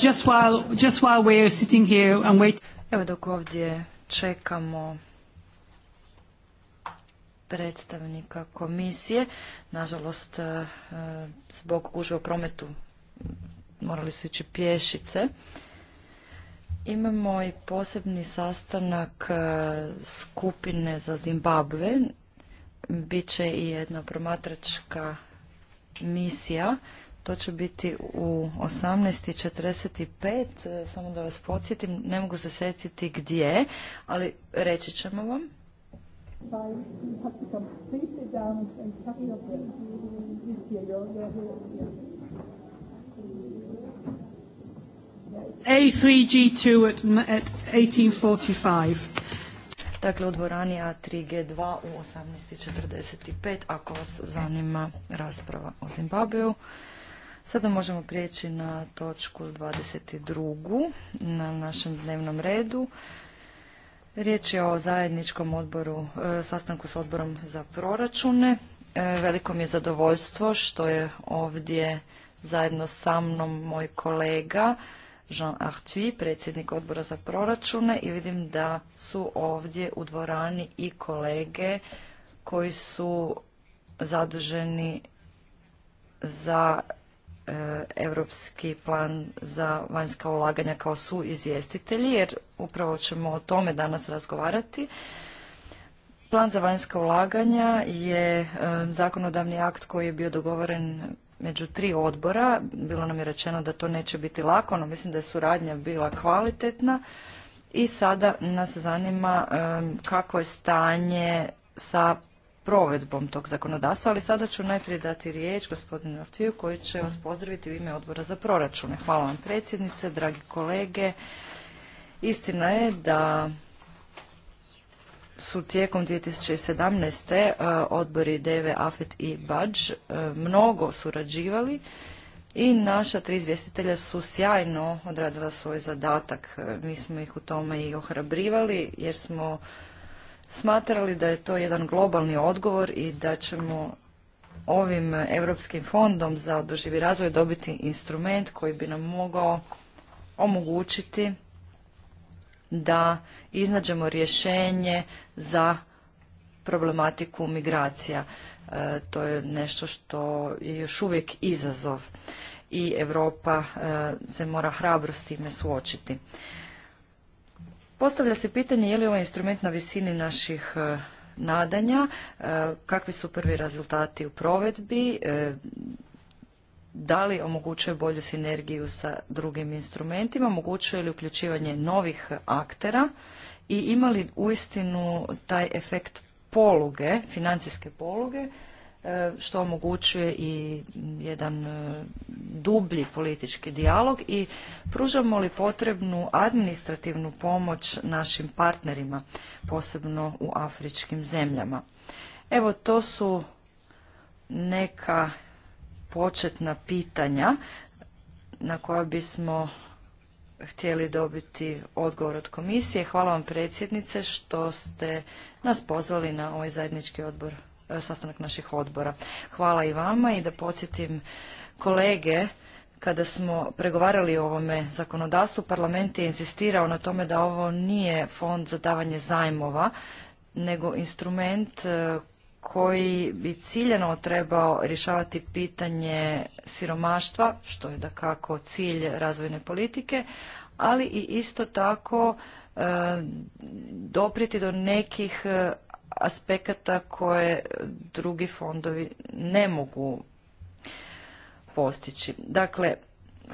just Evo dok ovdje čekamo predstavnika komisije. Nažalost, eh, zbog uživo prometu morali su ići pješice. Imamo i posebni sastanak eh, skupine za Zimbabve bit će i jedna promatračka misija. To će biti u 18.45, e, samo da vas podsjetim, ne mogu se sjetiti gdje, ali reći ćemo vam. A3G2 at, at 1845 dakle u dvorani A3G2 u 18.45 ako vas zanima rasprava o Zimbabveu. Sada možemo prijeći na točku 22. na našem dnevnom redu. Riječ je o zajedničkom odboru, e, sastanku s odborom za proračune. E, veliko mi je zadovoljstvo što je ovdje zajedno sa mnom moj kolega Jean Arthuis, predsjednik odbora za proračune i vidim da su ovdje u dvorani i kolege koji su zaduženi za e, europski plan za vanjska ulaganja kao su izvjestitelji, jer upravo ćemo o tome danas razgovarati. Plan za vanjska ulaganja je e, zakonodavni akt koji je bio dogovoren među tri odbora. Bilo nam je rečeno da to neće biti lako, no mislim da je suradnja bila kvalitetna. I sada nas zanima kako je stanje sa provedbom tog zakonodavstva, ali sada ću najprije dati riječ gospodinu Artiju koji će vas pozdraviti u ime odbora za proračune. Hvala vam predsjednice, dragi kolege. Istina je da su tijekom 2017. E, odbori Deve, Afet i Bađ e, mnogo surađivali i naša tri izvjestitelja su sjajno odradila svoj zadatak. E, mi smo ih u tome i ohrabrivali jer smo smatrali da je to jedan globalni odgovor i da ćemo ovim Europskim fondom za održivi razvoj dobiti instrument koji bi nam mogao omogućiti da iznađemo rješenje za problematiku migracija. E, to je nešto što je još uvijek izazov i Europa e, se mora hrabro s time suočiti. Postavlja se pitanje je li ovaj instrument na visini naših e, nadanja, kakvi su prvi rezultati u provedbi, da li omogućuje bolju sinergiju sa drugim instrumentima, omogućuje li uključivanje novih aktera i ima li uistinu taj efekt poluge, financijske poluge, e, što omogućuje i jedan e, dublji politički dijalog i pružamo li potrebnu administrativnu pomoć našim partnerima, posebno u afričkim zemljama. Evo, to su neka početna pitanja na koja bismo htjeli dobiti odgovor od komisije. Hvala vam predsjednice što ste nas pozvali na ovaj zajednički odbor, e, sastanak naših odbora. Hvala i vama i da podsjetim kolege kada smo pregovarali o ovome zakonodavstvu, parlament je insistirao na tome da ovo nije fond za davanje zajmova, nego instrument e, koji bi ciljeno trebao rješavati pitanje siromaštva, što je da kako cilj razvojne politike, ali i isto tako e, doprijeti do nekih e, aspekata koje drugi fondovi ne mogu postići. Dakle,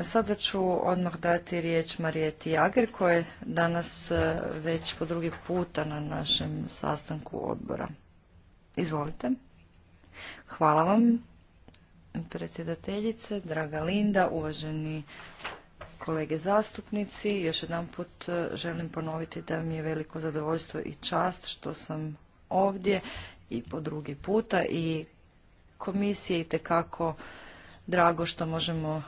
sada ću odmah dati riječ Marijeti Jager koja je danas e, već po drugi puta na našem sastanku odbora. Izvolite. Hvala vam, predsjedateljice, draga Linda, uvaženi kolege zastupnici. Još jedan put e, želim ponoviti da mi je veliko zadovoljstvo i čast što sam ovdje i po drugi puta i komisije i tekako drago što možemo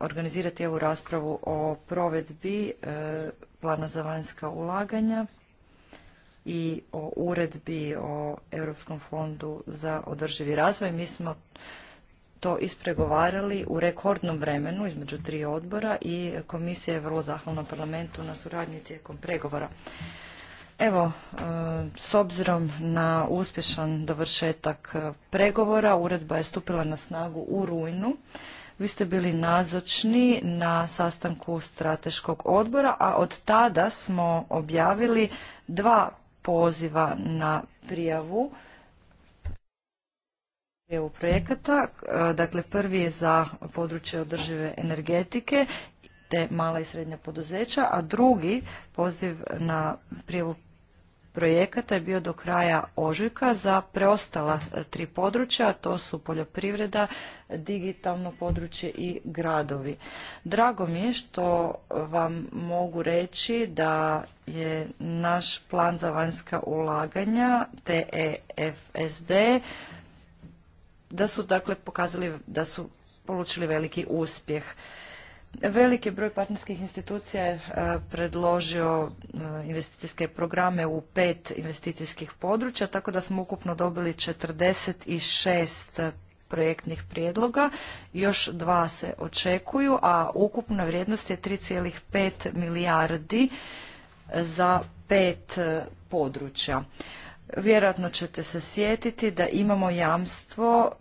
organizirati ovu raspravu o provedbi e, plana za vanjska ulaganja i o uredbi o Europskom fondu za održivi razvoj. Mi smo to ispregovarali u rekordnom vremenu između tri odbora i komisija je vrlo zahvalna parlamentu na suradnji tijekom pregovora. Evo, e, s obzirom na uspješan dovršetak pregovora, uredba je stupila na snagu u rujnu. Vi ste bili nazočni na sastanku strateškog odbora, a od tada smo objavili dva poziva na prijavu prijavu projekata. Dakle, prvi je za područje održive energetike te mala i srednja poduzeća, a drugi poziv na prijavu projekata je bio do kraja ožujka za preostala e, tri područja, to su poljoprivreda, digitalno područje i gradovi. Drago mi je što vam mogu reći da je naš plan za vanjska ulaganja TEFSD da su dakle pokazali da su polučili veliki uspjeh. Veliki broj partnerskih institucija je e, predložio e, investicijske programe u pet investicijskih područja, tako da smo ukupno dobili 46 projektnih prijedloga, još dva se očekuju, a ukupna vrijednost je 3,5 milijardi za pet e, područja. Vjerojatno ćete se sjetiti da imamo jamstvo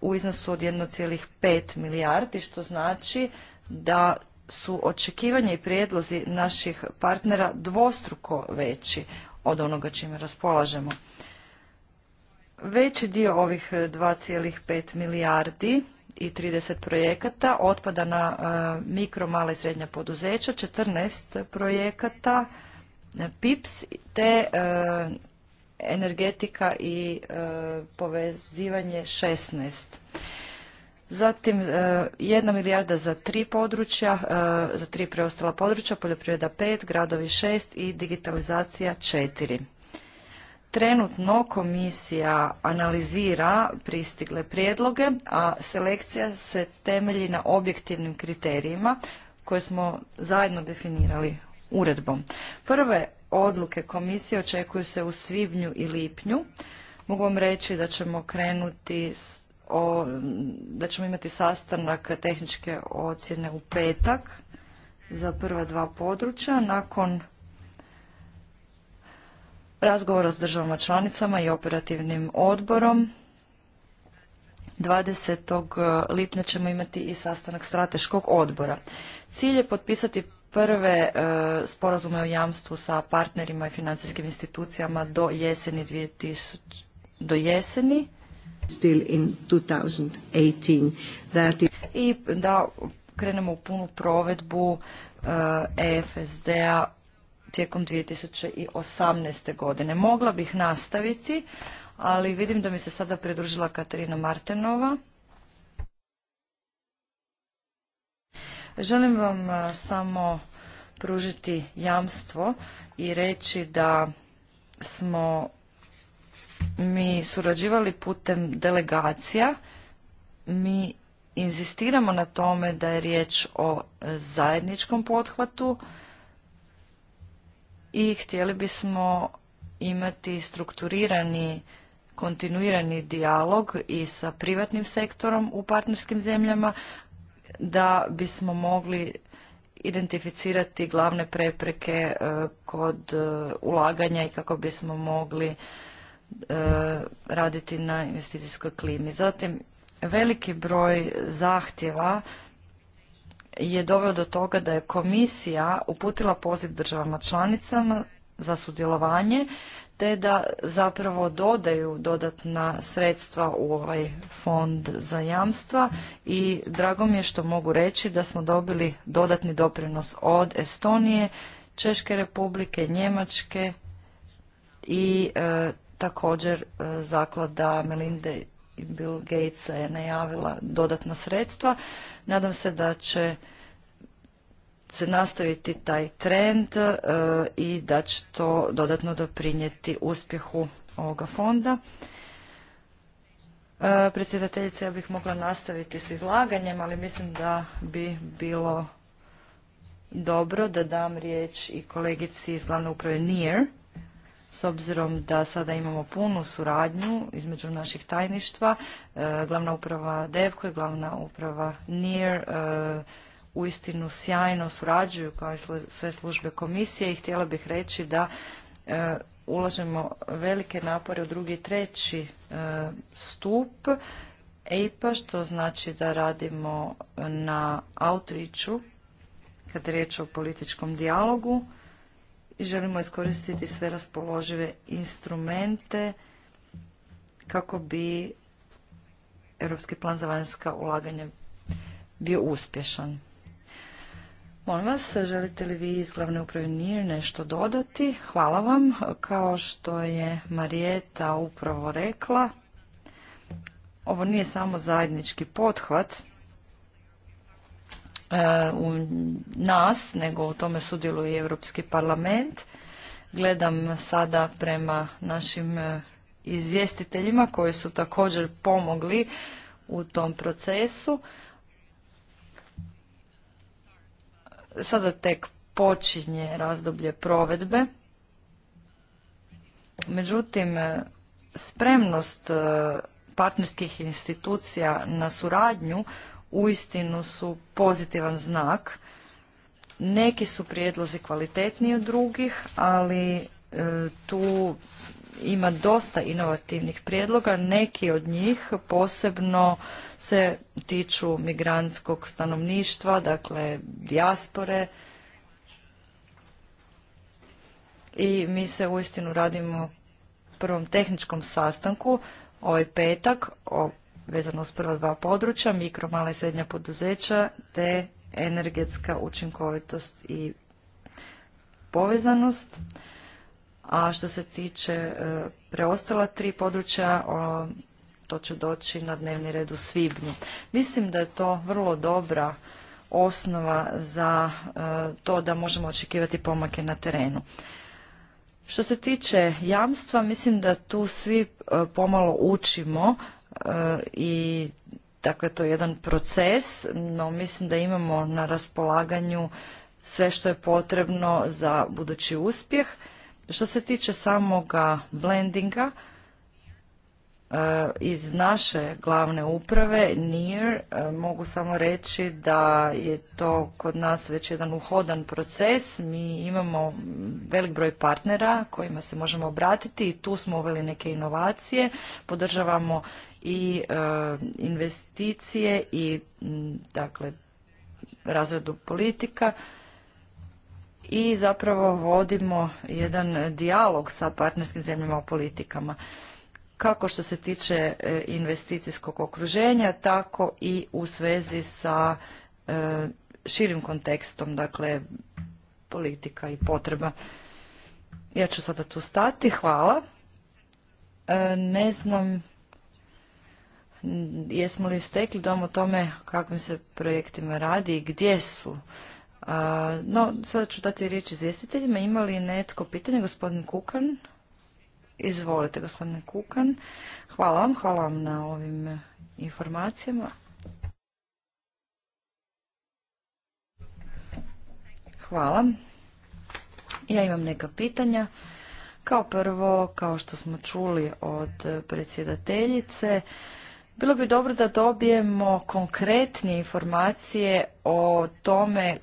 u iznosu od 1,5 milijardi, što znači da su očekivanja i prijedlozi naših partnera dvostruko veći od onoga čime raspolažemo. Veći dio ovih 2,5 milijardi i 30 projekata otpada na e, mikro, mala i srednja poduzeća, 14 projekata e, PIPS te e, energetika i povezivanje 16. Zatim e, jedna milijarda za tri područja, e, za tri preostala područja, poljoprivreda pet, gradovi šest i digitalizacija četiri. Trenutno komisija analizira pristigle prijedloge, a selekcija se temelji na objektivnim kriterijima koje smo zajedno definirali uredbom. Prve odluke komisije očekuju se u svibnju i lipnju. Mogu vam reći da ćemo krenuti s o, da ćemo imati sastanak tehničke ocjene u petak za prva dva područja. Nakon razgovora s državama članicama i operativnim odborom 20. lipnja ćemo imati i sastanak strateškog odbora. Cilj je potpisati prve e, sporazume o jamstvu sa partnerima i financijskim institucijama do jeseni 2000, do jeseni still in 2018. I da krenemo u punu provedbu EFSD-a eh, e tijekom 2018. godine. Mogla bih nastaviti, ali vidim da mi se sada pridružila Katarina Martenova. Želim vam eh, samo pružiti jamstvo i reći da smo mi surađivali putem delegacija. Mi inzistiramo na tome da je riječ o zajedničkom pothvatu i htjeli bismo imati strukturirani kontinuirani dijalog i sa privatnim sektorom u partnerskim zemljama da bismo mogli identificirati glavne prepreke eh, kod eh, ulaganja i kako bismo mogli E, raditi na investicijskoj klimi. Zatim, veliki broj zahtjeva je doveo do toga da je komisija uputila poziv državama članicama za sudjelovanje, te da zapravo dodaju dodatna sredstva u ovaj fond za jamstva i drago mi je što mogu reći da smo dobili dodatni doprinos od Estonije, Češke republike, Njemačke i e, Također e, zaklada Melinde i Bill Gatesa je najavila dodatna sredstva. Nadam se da će se nastaviti taj trend e, i da će to dodatno doprinijeti uspjehu ovoga fonda. E, predsjedateljice, ja bih mogla nastaviti s izlaganjem, ali mislim da bi bilo dobro da dam riječ i kolegici iz glavne uprave NIR s obzirom da sada imamo punu suradnju između naših tajništva, e, glavna uprava DEVKO i glavna uprava NIR e, uistinu sjajno surađuju kao i sve službe komisije i htjela bih reći da e, ulažemo velike napore u drugi i treći stup EIP-a, što znači da radimo na outreachu, kad je riječ o političkom dijalogu, želimo iskoristiti sve raspoložive instrumente kako bi Europski plan za vanjska ulaganja bio uspješan. Molim vas, želite li vi iz glavne uprave NIR nešto dodati? Hvala vam. Kao što je Marijeta upravo rekla, ovo nije samo zajednički pothvat, E, u nas, nego u tome sudjeluje i Europski parlament. Gledam sada prema našim e, izvjestiteljima koji su također pomogli u tom procesu. Sada tek počinje razdoblje provedbe. Međutim, e, spremnost partnerskih institucija na suradnju uistinu su pozitivan znak. Neki su prijedlozi kvalitetniji od drugih, ali e, tu ima dosta inovativnih prijedloga. Neki od njih posebno se tiču migrantskog stanovništva, dakle dijaspore. I mi se uistinu radimo prvom tehničkom sastanku ovaj petak o vezano uz prva dva područja, mikro, mala i srednja poduzeća, te energetska učinkovitost i povezanost. A što se tiče e, preostala tri područja, to će doći na dnevni red u svibnju. Mislim da je to vrlo dobra osnova za e, to da možemo očekivati pomake na terenu. Što se tiče jamstva, mislim da tu svi e, pomalo učimo E, i dakle to je jedan proces, no mislim da imamo na raspolaganju sve što je potrebno za budući uspjeh. Što se tiče samoga blendinga, e, iz naše glavne uprave NIR e, mogu samo reći da je to kod nas već jedan uhodan proces. Mi imamo velik broj partnera kojima se možemo obratiti i tu smo uveli neke inovacije. Podržavamo i e, investicije i dakle razradu politika i zapravo vodimo jedan dijalog sa partnerskim zemljama o politikama kako što se tiče e, investicijskog okruženja tako i u svezi sa e, širim kontekstom dakle politika i potreba ja ću sada tu stati hvala ne znam jesmo li stekli dom o tome kakvim se projektima radi i gdje su. no, sada ću dati riječ izvjestiteljima. Ima li netko pitanje? Gospodin Kukan? Izvolite, gospodine Kukan. Hvala vam, hvala vam na ovim informacijama. Hvala. Ja imam neka pitanja. Kao prvo, kao što smo čuli od predsjedateljice, bilo bi dobro da dobijemo konkretnije informacije o tome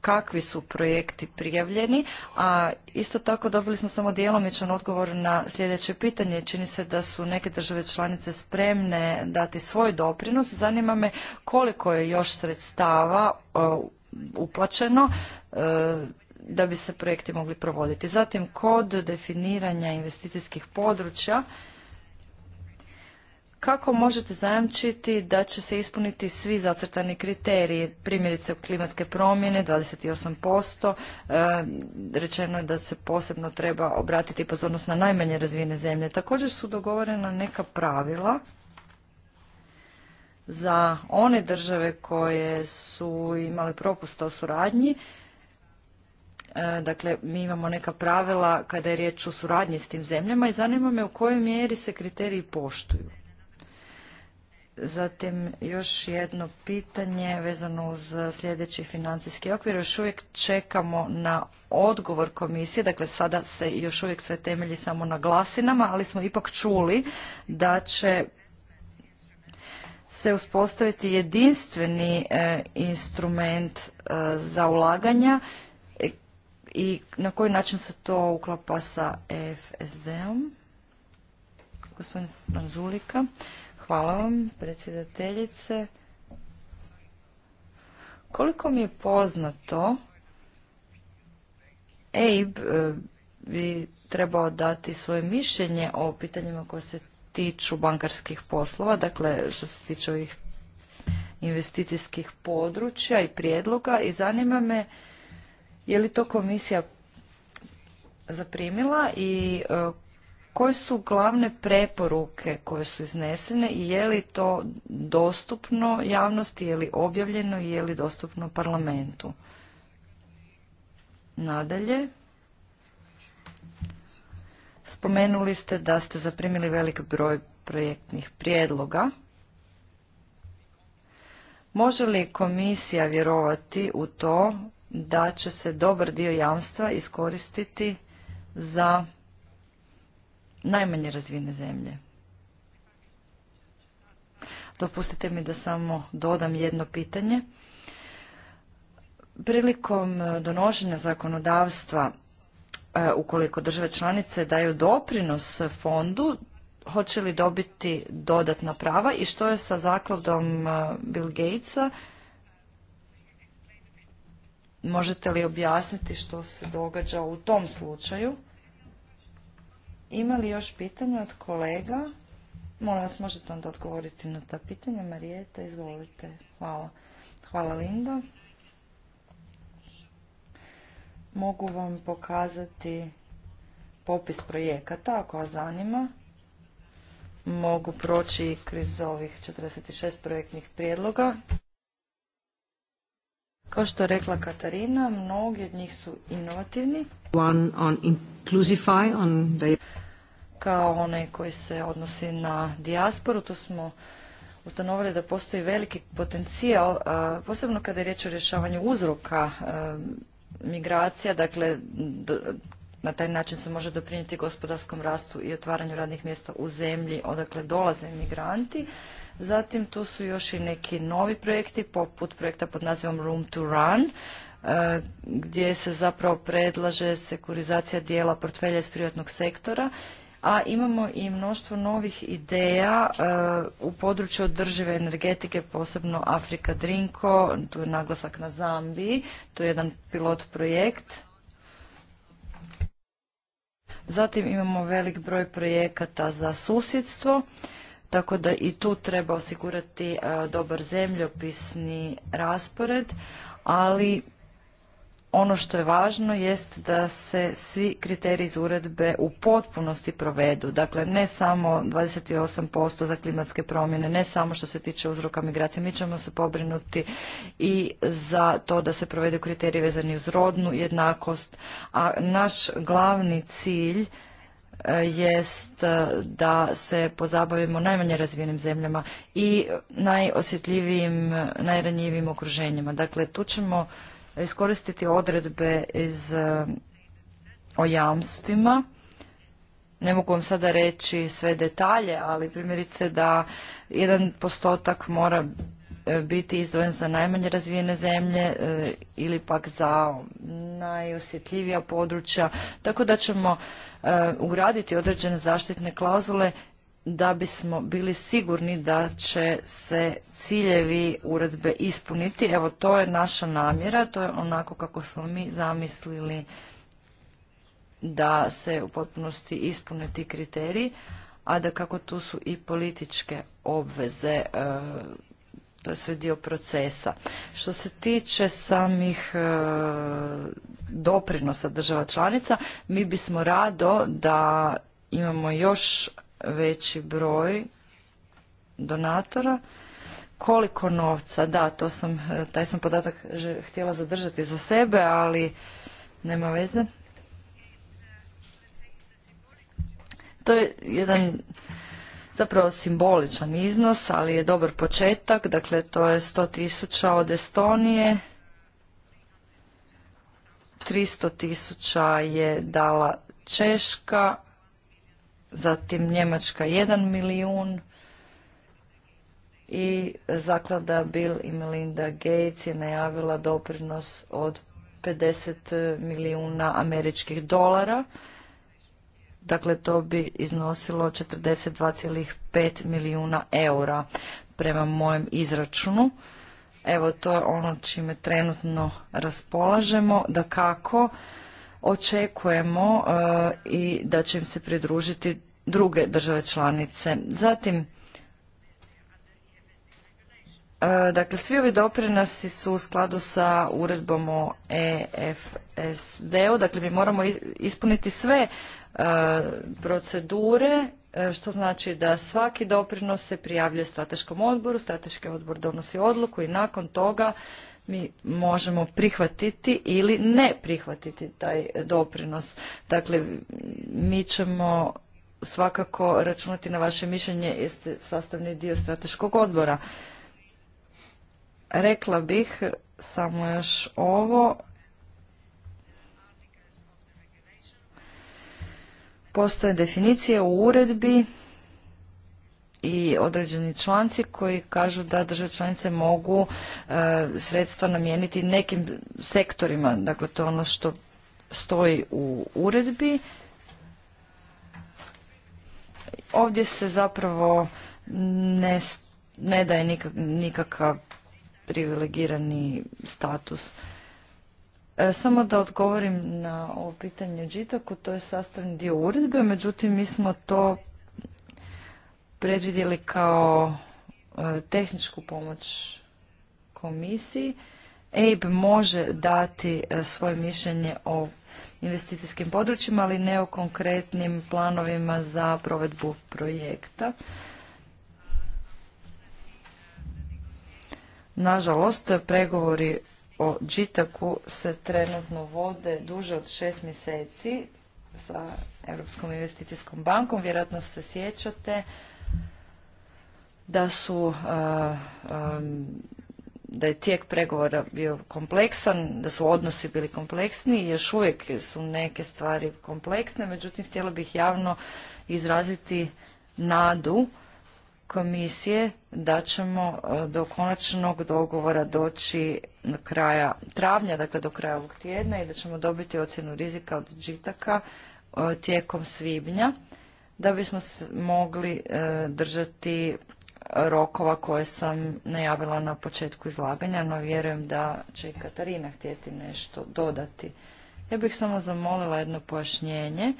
kakvi su projekti prijavljeni, a isto tako dobili smo samo djelomičan odgovor na sljedeće pitanje. Čini se da su neke države članice spremne dati svoj doprinos. Zanima me koliko je još sredstava e, uplaćeno e, da bi se projekti mogli provoditi. Zatim, kod definiranja investicijskih područja, kako možete zajamčiti da će se ispuniti svi zacrtani kriteriji, primjerice klimatske promjene 28%, e, rečeno je da se posebno treba obratiti pozornost na najmanje razvijene zemlje. Također su dogovorena neka pravila za one države koje su imale propusta u suradnji, e, dakle mi imamo neka pravila kada je riječ o suradnji s tim zemljama i zanima me u kojoj mjeri se kriteriji poštuju. Zatim još jedno pitanje vezano uz sljedeći financijski okvir. Još uvijek čekamo na odgovor komisije, dakle sada se još uvijek sve temelji samo na glasinama, ali smo ipak čuli da će se uspostaviti jedinstveni e, instrument e, za ulaganja e, i na koji način se to uklapa sa EFSD-om. Gospodin Franzulika. Hvala vam, predsjedateljice. Koliko mi je poznato, EIB e, bi trebao dati svoje mišljenje o pitanjima koje se tiču bankarskih poslova, dakle što se tiče ovih investicijskih područja i prijedloga i zanima me je li to komisija zaprimila i e, koje su glavne preporuke koje su iznesene i je li to dostupno javnosti, je li objavljeno i je li dostupno parlamentu? Nadalje, spomenuli ste da ste zaprimili velik broj projektnih prijedloga. Može li komisija vjerovati u to da će se dobar dio jamstva iskoristiti za najmanje razvijene zemlje. Dopustite mi da samo dodam jedno pitanje. Prilikom e, donošenja zakonodavstva, e, ukoliko države članice daju doprinos fondu, hoće li dobiti dodatna prava i što je sa zakladom e, Bill Gatesa? Možete li objasniti što se događa u tom slučaju? Ima li još pitanja od kolega? Molim vas, možete onda odgovoriti na ta pitanja. Marijeta, izvolite. Hvala. Hvala, Linda. Mogu vam pokazati popis projekata, ako vas zanima. Mogu proći kroz ovih 46 projektnih prijedloga. Kao što je rekla Katarina, mnogi od njih su inovativni. One on inclusify, on the... Kao one koji se odnosi na dijasporu, tu smo ustanovili da postoji veliki potencijal, posebno kada je riječ o rješavanju uzroka migracija, dakle na taj način se može doprinijeti gospodarskom rastu i otvaranju radnih mjesta u zemlji odakle dolaze migranti. Zatim tu su još i neki novi projekti poput projekta pod nazivom Room to Run e, gdje se zapravo predlaže sekurizacija dijela portfelja iz privatnog sektora a imamo i mnoštvo novih ideja e, u području održive energetike, posebno Afrika Drinko, tu je naglasak na Zambiji, tu je jedan pilot projekt. Zatim imamo velik broj projekata za susjedstvo tako da i tu treba osigurati e, dobar zemljopisni raspored, ali ono što je važno jest da se svi kriteriji iz uredbe u potpunosti provedu. Dakle, ne samo 28% za klimatske promjene, ne samo što se tiče uzroka migracije. Mi ćemo se pobrinuti i za to da se provedu kriteriji vezani uz rodnu jednakost. A naš glavni cilj jest e, da se pozabavimo najmanje razvijenim zemljama i najosjetljivijim, najranjivijim okruženjima. Dakle, tu ćemo iskoristiti odredbe iz e, o jamstvima. Ne mogu vam sada reći sve detalje, ali primjerice da jedan postotak mora E, biti izdvojen za najmanje razvijene zemlje e, ili pak za najosjetljivija područja, tako da ćemo e, ugraditi određene zaštitne klauzule da bismo bili sigurni da će se ciljevi uredbe ispuniti. Evo, to je naša namjera, to je onako kako smo mi zamislili da se u potpunosti ispune ti kriteriji, a da kako tu su i političke obveze to je sve dio procesa. Što se tiče samih e, doprinosa država članica, mi bismo rado da imamo još veći broj donatora. Koliko novca? Da, to sam, e, taj sam podatak htjela zadržati za sebe, ali nema veze. To je jedan zapravo simboličan iznos, ali je dobar početak, dakle to je 100 tisuća od Estonije, 300 tisuća je dala Češka, zatim Njemačka 1 milijun i zaklada Bill i Melinda Gates je najavila doprinos od 50 milijuna američkih dolara. Dakle, to bi iznosilo 42,5 milijuna eura prema mojem izračunu. Evo, to je ono čime trenutno raspolažemo. Da kako očekujemo e, i da će im se pridružiti druge države članice. Zatim, e, dakle, svi ovi doprinosi su u skladu sa uredbom o EFSD-u, dakle, mi moramo ispuniti sve E, procedure, e, što znači da svaki doprinos se prijavljuje strateškom odboru, strateški odbor donosi odluku i nakon toga mi možemo prihvatiti ili ne prihvatiti taj doprinos. Dakle, mi ćemo svakako računati na vaše mišljenje jeste sastavni dio strateškog odbora. Rekla bih samo još ovo, Postoje definicije u uredbi i određeni članci koji kažu da države članice mogu e, sredstva namijeniti nekim sektorima. Dakle, to je ono što stoji u uredbi. Ovdje se zapravo ne, ne daje nikakav privilegirani status E, samo da odgovorim na ovo pitanje o to je sastavni dio uredbe, međutim mi smo to predvidjeli kao e, tehničku pomoć komisiji. EIB može dati e, svoje mišljenje o investicijskim područjima, ali ne o konkretnim planovima za provedbu projekta. Nažalost, pregovori o Džitaku se trenutno vode duže od šest mjeseci sa Europskom investicijskom bankom. Vjerojatno se sjećate da su uh, um, da je tijek pregovora bio kompleksan, da su odnosi bili kompleksni i još uvijek su neke stvari kompleksne, međutim htjela bih javno izraziti nadu komisije da ćemo e, do konačnog dogovora doći na kraja travnja, dakle do kraja ovog tjedna i da ćemo dobiti ocjenu rizika od džitaka e, tijekom svibnja da bismo mogli e, držati rokova koje sam najavila na početku izlaganja, no vjerujem da će i Katarina htjeti nešto dodati. Ja bih samo zamolila jedno pojašnjenje.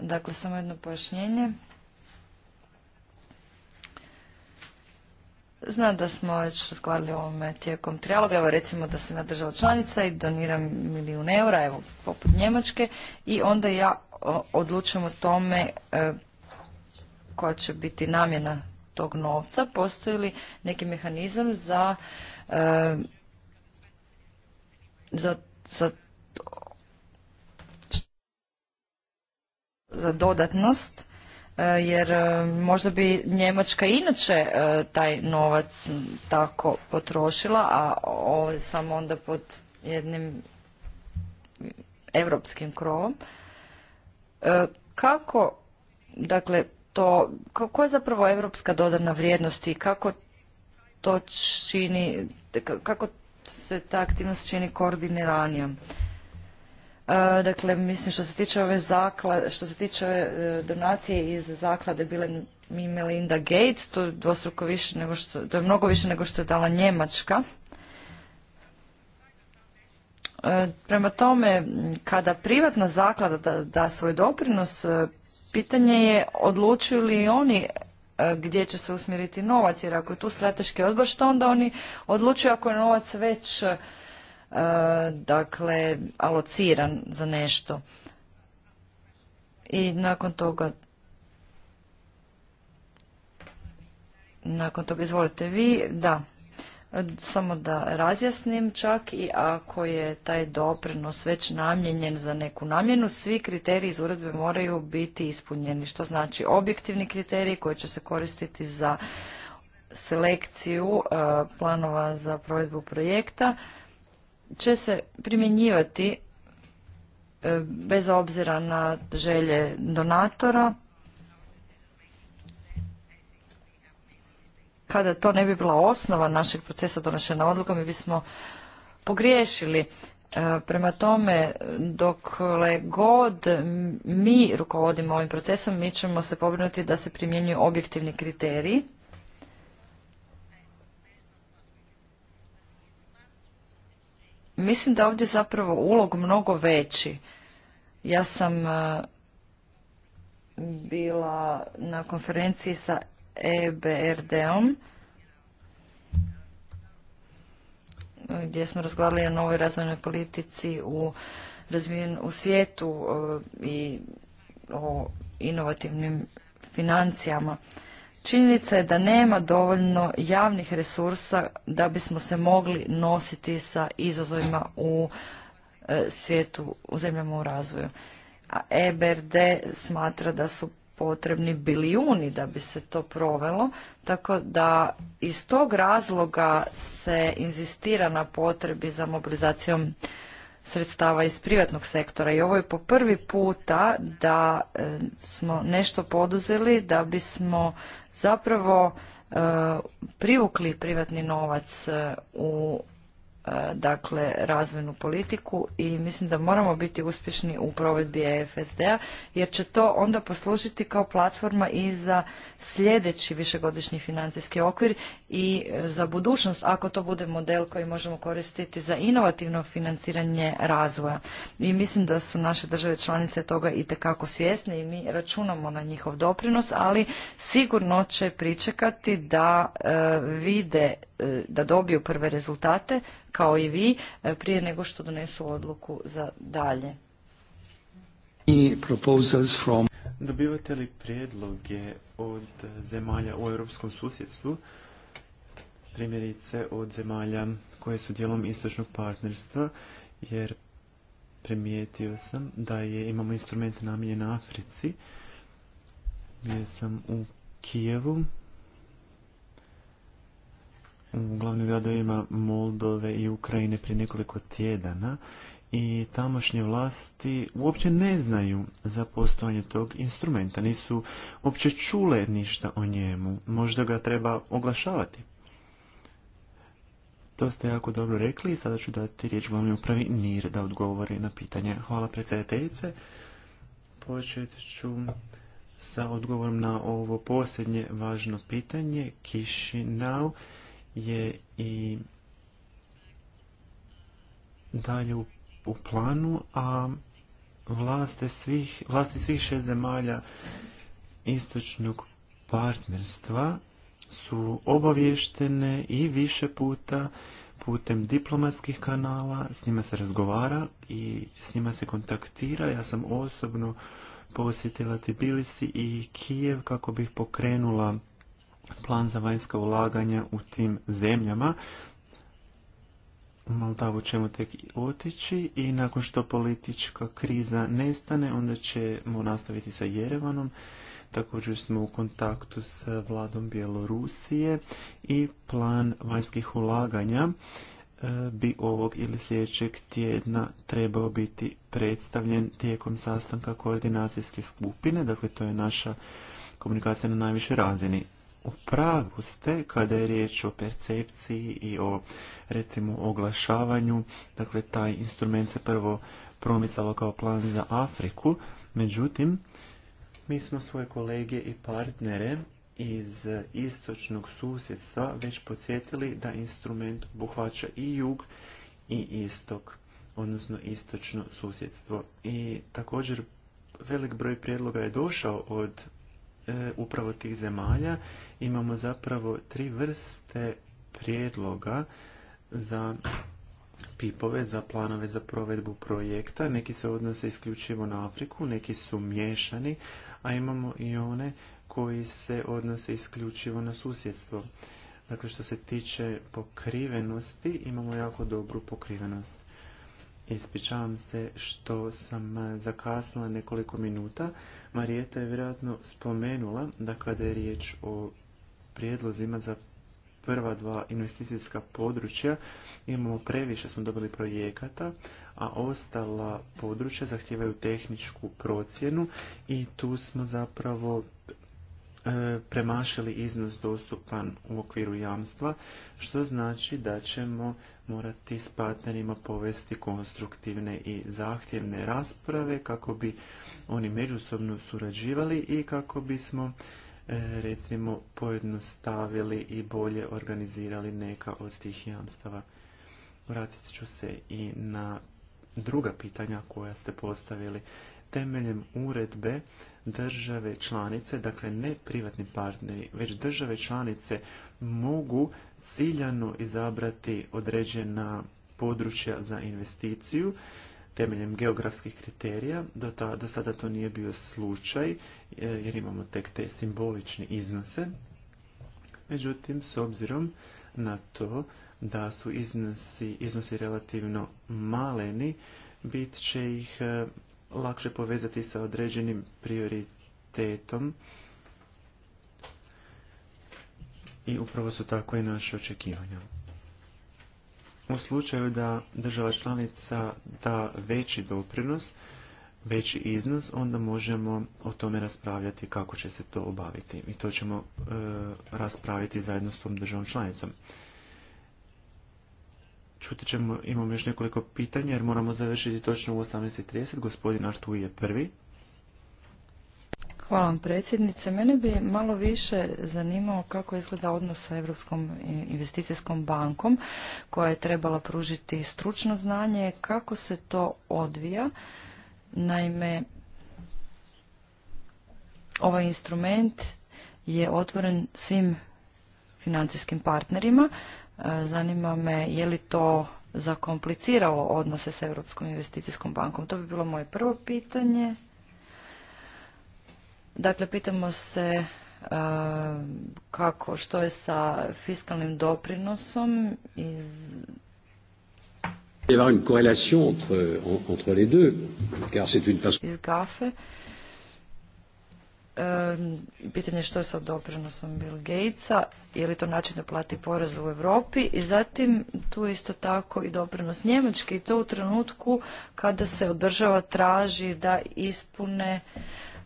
Dakle, samo jedno pojašnjenje. Znam da smo već razgovarali o ovome tijekom trijaloga, evo recimo da se nadržava članica i doniram milijun eura, evo poput Njemačke, i onda ja odlučujem o tome e, koja će biti namjena tog novca, postoji li neki mehanizam za, e, za, za za dodatnost e, jer e, možda bi Njemačka inače e, taj novac tako potrošila, a ovo je samo onda pod jednim europskim krovom. Kako, dakle, to, kako je zapravo europska dodana vrijednost i kako to čini, kako se ta aktivnost čini koordiniranijom? E, dakle, mislim što se tiče ove zaklade, što se tiče e, donacije iz zaklade bile mi Melinda Gates, to je dvostruko više nego što, to je mnogo više nego što je dala Njemačka. E, prema tome, kada privatna zaklada da, svoj doprinos, pitanje je odlučuju li oni gdje će se usmjeriti novac, jer ako je tu strateški odbor, što onda oni odlučuju ako je novac već E, dakle alociran za nešto. I nakon toga nakon toga izvolite vi, da, samo da razjasnim čak i ako je taj doprinos već namijenjen za neku namjenu, svi kriteriji iz uredbe moraju biti ispunjeni, što znači objektivni kriteriji koji će se koristiti za selekciju e, planova za provedbu projekta, će se primjenjivati e, bez obzira na želje donatora. Kada to ne bi bila osnova našeg procesa donošena odluka, mi bismo pogriješili. E, prema tome, dokle god mi rukovodimo ovim procesom, mi ćemo se pobrinuti da se primjenjuju objektivni kriteriji Mislim da ovdje zapravo ulog mnogo veći. Ja sam e, bila na konferenciji sa EBRD-om gdje smo razgledali o novoj razvojnoj politici u, razvijen, u svijetu e, i o inovativnim financijama. Činjenica je da nema dovoljno javnih resursa da bismo se mogli nositi sa izazovima u e, svijetu, u zemljama u razvoju. A EBRD smatra da su potrebni bilijuni da bi se to provelo, tako da iz tog razloga se inzistira na potrebi za mobilizacijom sredstava iz privatnog sektora i ovo je po prvi puta da e, smo nešto poduzeli da bismo zapravo e, privukli privatni novac e, u E, dakle razvojnu politiku i mislim da moramo biti uspješni u provedbi EFSD-a jer će to onda poslužiti kao platforma i za sljedeći višegodišnji financijski okvir i za budućnost ako to bude model koji možemo koristiti za inovativno financiranje razvoja. I mislim da su naše države članice toga i tekako svjesne i mi računamo na njihov doprinos, ali sigurno će pričekati da e, vide da dobiju prve rezultate kao i vi e, prije nego što donesu odluku za dalje. Dobivate li prijedloge od zemalja u europskom susjedstvu, primjerice od zemalja koje su dijelom istočnog partnerstva, jer primijetio sam da je, imamo instrumente namijenjen Africi, bio sam u Kijevu u glavnim gradovima Moldove i Ukrajine prije nekoliko tjedana i tamošnje vlasti uopće ne znaju za postojanje tog instrumenta, nisu uopće čule ništa o njemu, možda ga treba oglašavati. To ste jako dobro rekli i sada ću dati riječ glavnoj upravi NIR da odgovori na pitanje. Hvala predsjedateljice. Počet ću sa odgovorom na ovo posljednje važno pitanje, Kišinau je i dalje u, planu, a vlasti svih, vlasti svih šest zemalja istočnog partnerstva su obavještene i više puta putem diplomatskih kanala, s njima se razgovara i s njima se kontaktira. Ja sam osobno posjetila Tbilisi i Kijev kako bih pokrenula plan za vanjska ulaganja u tim zemljama. U ćemo tek otići i nakon što politička kriza nestane, onda ćemo nastaviti sa Jerevanom. Također smo u kontaktu sa vladom Bjelorusije i plan vanjskih ulaganja e, bi ovog ili sljedećeg tjedna trebao biti predstavljen tijekom sastanka koordinacijske skupine, dakle to je naša komunikacija na najvišoj razini u pravu ste kada je riječ o percepciji i o recimo oglašavanju. Dakle, taj instrument se prvo promicalo kao plan za Afriku. Međutim, mi smo svoje kolege i partnere iz istočnog susjedstva već podsjetili da instrument obuhvaća i jug i istok, odnosno istočno susjedstvo. I također velik broj prijedloga je došao od E, upravo tih zemalja imamo zapravo tri vrste prijedloga za pipove za planove za provedbu projekta. Neki se odnose isključivo na Afriku, neki su miješani, a imamo i one koji se odnose isključivo na susjedstvo. Dakle, što se tiče pokrivenosti, imamo jako dobru pokrivenost. Ispričavam se što sam e, zakasnila nekoliko minuta. Marijeta je vjerojatno spomenula da kada je riječ o prijedlozima za prva dva investicijska područja imamo previše smo dobili projekata, a ostala područja zahtijevaju tehničku procjenu i tu smo zapravo e, premašili iznos dostupan u okviru jamstva, što znači da ćemo morati s partnerima povesti konstruktivne i zahtjevne rasprave kako bi oni međusobno surađivali i kako bismo e, recimo pojednostavili i bolje organizirali neka od tih jamstava. Vratit ću se i na druga pitanja koja ste postavili. Temeljem uredbe države članice, dakle ne privatni partneri, već države članice mogu ciljano izabrati određena područja za investiciju temeljem geografskih kriterija. Do, ta, sada to nije bio slučaj e, jer imamo tek te simbolične iznose. Međutim, s obzirom na to da su iznosi, iznosi relativno maleni, bit će ih e, lakše povezati sa određenim prioritetom i upravo su tako i naše očekivanja. U slučaju da država članica da veći doprinos, veći iznos, onda možemo o tome raspravljati kako će se to obaviti. I to ćemo e, raspraviti zajedno s tom državom članicom. Čuti ćemo, imamo još nekoliko pitanja jer moramo završiti točno u 18.30. Gospodin Artu je prvi. Hvala vam predsjednice. Mene bi malo više zanimao kako izgleda odnos sa Europskom investicijskom bankom koja je trebala pružiti stručno znanje. Kako se to odvija? Naime, ovaj instrument je otvoren svim financijskim partnerima. E, zanima me je li to zakompliciralo odnose sa Europskom investicijskom bankom. To bi bilo moje prvo pitanje. Dakle, pitamo se kako, što je sa fiskalnim doprinosom iz iz GAFE. E, pitanje je što je sa doprinosom Bill Gatesa, je li to način da plati porez u Europi i zatim tu isto tako i doprinos Njemačke i to u trenutku kada se održava traži da ispune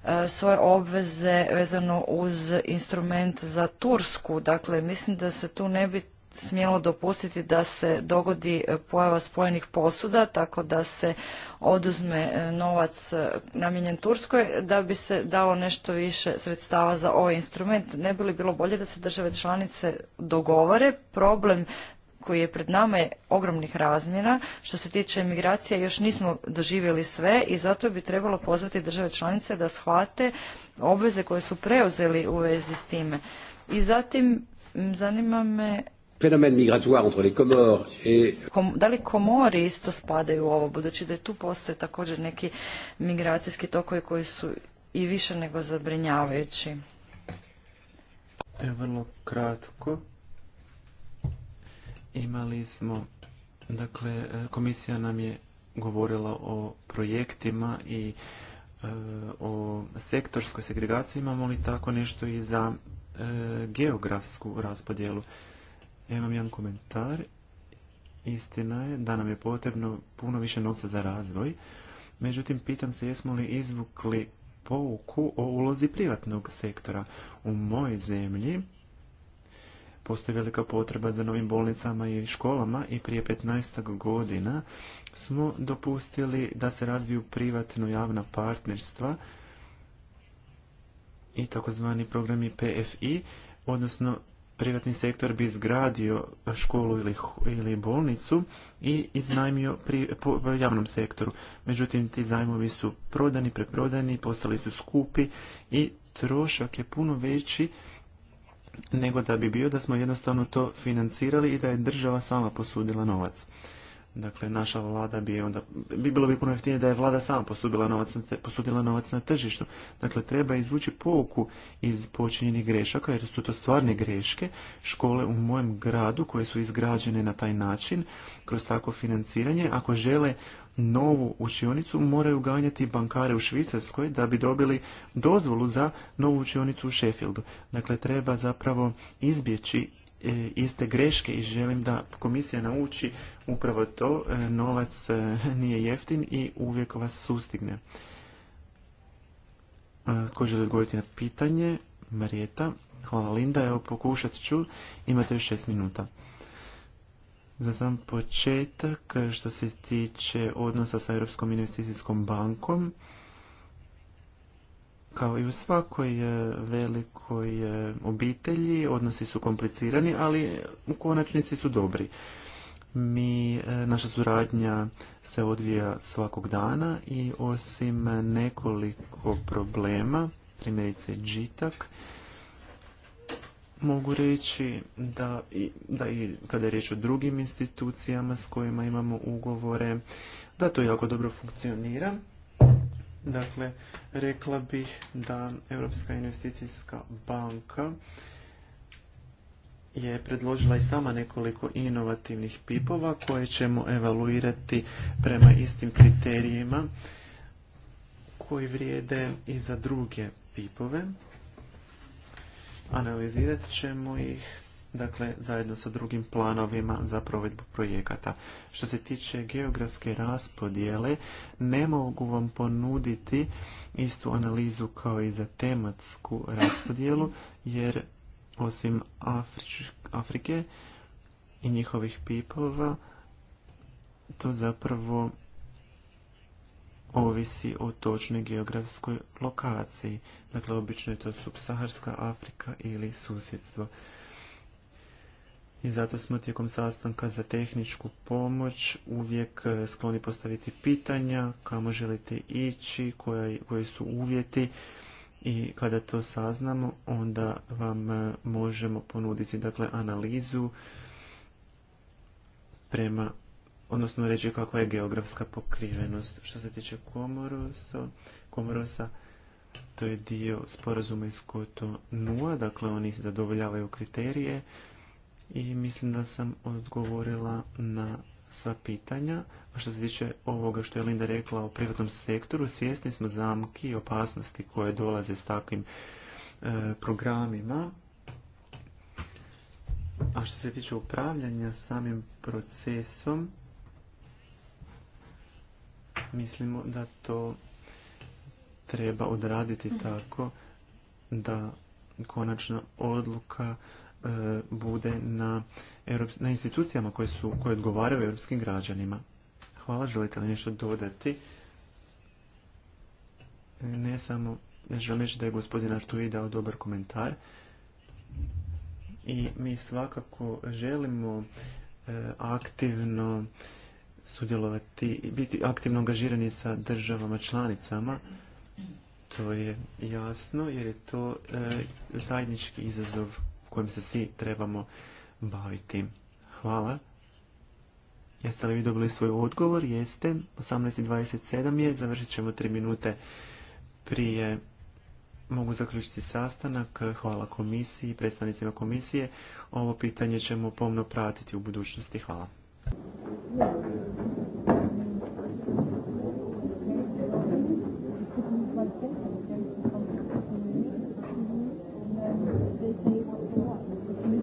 E, svoje obveze vezano uz instrument za Tursku. Dakle, mislim da se tu ne bi smjelo dopustiti da se dogodi e, pojava spojenih posuda, tako da se oduzme e, novac namijenjen Turskoj, da bi se dao nešto više sredstava za ovaj instrument. Ne bi li bilo bolje da se države članice dogovore? Problem koji je pred nama je ogromnih razmjera. Što se tiče migracija još nismo doživjeli sve i zato bi trebalo pozvati države članice da shvate obveze koje su preuzeli u vezi s time. I zatim zanima me Fenomen les Comores et... da li Komori isto spadaju u ovo, budući da je tu postoje također neki migracijski tokovi koji su i više nego zabrinjavajući? vrlo kratko. Imali smo, dakle, e, komisija nam je govorila o projektima i e, o sektorskoj segregaciji. Imamo li tako nešto i za e, geografsku raspodjelu? imam jedan komentar. Istina je da nam je potrebno puno više novca za razvoj. Međutim, pitam se jesmo li izvukli pouku o ulozi privatnog sektora. U mojoj zemlji Postoji velika potreba za novim bolnicama i školama i prije 15. godina smo dopustili da se razviju privatno-javna partnerstva i takozvani programi PFI, odnosno privatni sektor bi izgradio školu ili, ili bolnicu i iznajmio javnom sektoru. Međutim, ti zajmovi su prodani, preprodani, postali su skupi i trošak je puno veći nego da bi bio da smo jednostavno to financirali i da je država sama posudila novac. Dakle, naša vlada bi onda, bi bilo bi puno jeftinije da je vlada sama posudila novac, na posudila novac na tržištu. Dakle, treba izvući pouku iz počinjenih grešaka, jer su to stvarne greške. Škole u mojem gradu koje su izgrađene na taj način, kroz takvo financiranje, ako žele novu učionicu moraju ganjati bankare u Švicarskoj da bi dobili dozvolu za novu učionicu u Sheffieldu. Dakle, treba zapravo izbjeći e, iste greške i želim da komisija nauči upravo to. E, novac e, nije jeftin i uvijek vas sustigne. Ko želi odgovoriti na pitanje? Marijeta. Hvala Linda. Evo pokušat ću. Imate još šest minuta. Za sam početak, što se tiče odnosa sa Europskom investicijskom bankom, kao i u svakoj eh, velikoj eh, obitelji, odnosi su komplicirani, ali u konačnici su dobri. Mi, eh, naša suradnja se odvija svakog dana i osim nekoliko problema, primjerice džitak, mogu reći da i, da i kada je riječ o drugim institucijama s kojima imamo ugovore, da to jako dobro funkcionira. Dakle, rekla bih da Europska investicijska banka je predložila i sama nekoliko inovativnih pipova koje ćemo evaluirati prema istim kriterijima koji vrijede i za druge pipove. Analizirat ćemo ih dakle zajedno sa drugim planovima za provedbu projekata. Što se tiče geografske raspodjele, ne mogu vam ponuditi istu analizu kao i za tematsku raspodjelu, jer osim Afrike i njihovih pipova, to zapravo ovisi o točnoj geografskoj lokaciji. Dakle, obično je to subsaharska Afrika ili susjedstvo. I zato smo tijekom sastanka za tehničku pomoć uvijek e, skloni postaviti pitanja kamo želite ići, koji, koji su uvjeti i kada to saznamo onda vam e, možemo ponuditi dakle analizu prema odnosno reći kakva je geografska pokrivenost. Što se tiče Komorosa, Komorosa to je dio sporazuma iz koto NUA, dakle oni zadovoljavaju kriterije i mislim da sam odgovorila na sva pitanja. A što se tiče ovoga što je Linda rekla o privatnom sektoru, svjesni smo zamki i opasnosti koje dolaze s takvim e, programima. A što se tiče upravljanja samim procesom, Mislimo da to treba odraditi mhm. tako da konačna odluka e, bude na, na institucijama koje, su, koje odgovaraju europskim građanima. Hvala, želite li nešto dodati? Ne samo, želim reći da je gospodin Artui dao dobar komentar i mi svakako želimo e, aktivno sudjelovati i biti aktivno angažirani sa državama članicama. To je jasno jer je to e, zajednički izazov kojim se svi trebamo baviti. Hvala. Jeste li vi dobili svoj odgovor? Jeste. 18.27 je. Završit ćemo 3 minute prije. Mogu zaključiti sastanak. Hvala komisiji, predstavnicima komisije. Ovo pitanje ćemo pomno pratiti u budućnosti. Hvala.